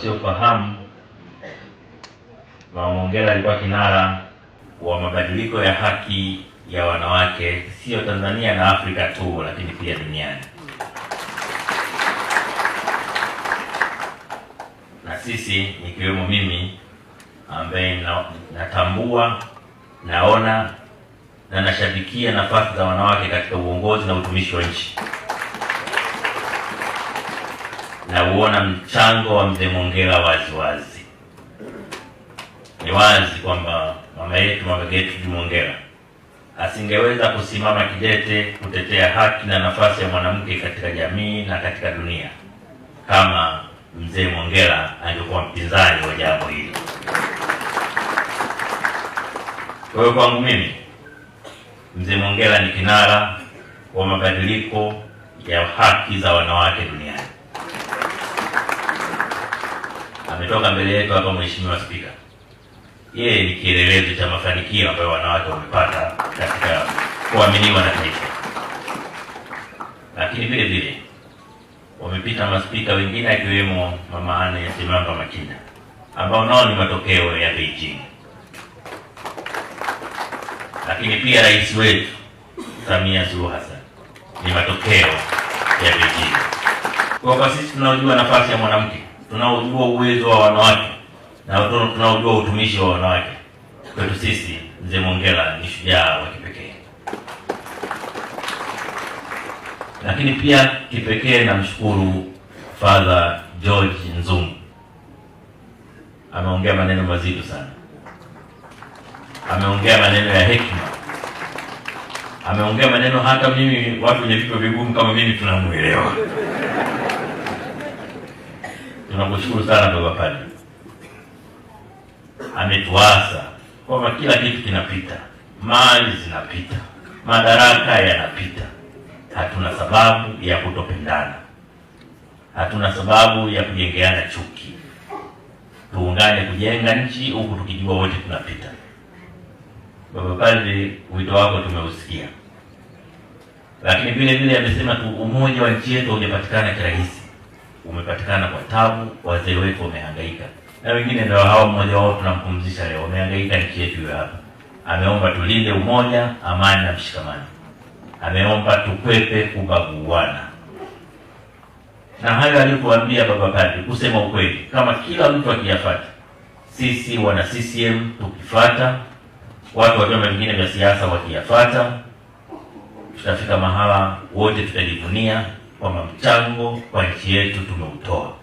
wasiofahamu, Mama Mongella alikuwa kinara wa mabadiliko ya haki ya wanawake, sio Tanzania na Afrika tu, lakini pia duniani. Na sisi nikiwemo mimi ambaye natambua, naona na nashabikia nafasi za wanawake katika uongozi na utumishi wa nchi na uona mchango wa mzee Mongela wazi wazi. Ni wazi kwamba mama yetu Mama Gertrude Mongela asingeweza kusimama kidete kutetea haki na nafasi ya mwanamke katika jamii na katika dunia kama mzee Mongela angekuwa mpinzani wa jambo hili. Kwa hiyo kwangu mimi mzee Mongela ni kinara wa mabadiliko ya haki za wanawake duniani ametoka mbele yetu hapa Mheshimiwa Spika, yeye ni kielelezo cha mafanikio ambayo wanawake wamepata katika kuaminiwa na taifa, lakini vile vile wamepita maspika wengine akiwemo Mama Anne ya Semamba Makinda ambao nao ni matokeo ya Beijing, lakini pia rais wetu Samia Suluhu Hassan ni matokeo ya Beijing. Kwa kwa sisi tunaojua nafasi ya mwanamke tunaojua uwezo wa wanawake na tunaojua utumishi wa wanawake. Kwetu sisi Mzee mongela ni shujaa wa kipekee, lakini pia kipekee namshukuru Father George Nzungu, ameongea maneno mazito sana, ameongea maneno ya hekima, ameongea maneno hata mimi watu wenye vipo vigumu kama mimi tunamwelewa tunamshukuru sana baba padri, ametuasa kwamba kila kitu kinapita, mali zinapita, madaraka yanapita. Hatuna sababu ya kutopendana, hatuna sababu ya kujengeana chuki. Tuungane kujenga nchi, huku tukijua wote tunapita. Baba padri, wito wako tumeusikia, lakini vile vile amesema tu umoja wa nchi yetu haujapatikana kirahisi umepatikana kwa tabu, wazee wetu wamehangaika, na wengine ndio hao, mmoja wao tunampumzisha leo, wamehangaika nchi yetu hiyo hapa. Ameomba tulinde umoja, amani na mshikamano. Ameomba tukwepe kubaguana, na hayo aliyotuambia baba padri, kusema ukweli, kama kila mtu akiyafuata, sisi wana CCM tukifuata, watu wa vyama vingine vya siasa wakiyafuata, tutafika mahala wote tutajivunia kwamba mchango kwa nchi yetu tumeutoa.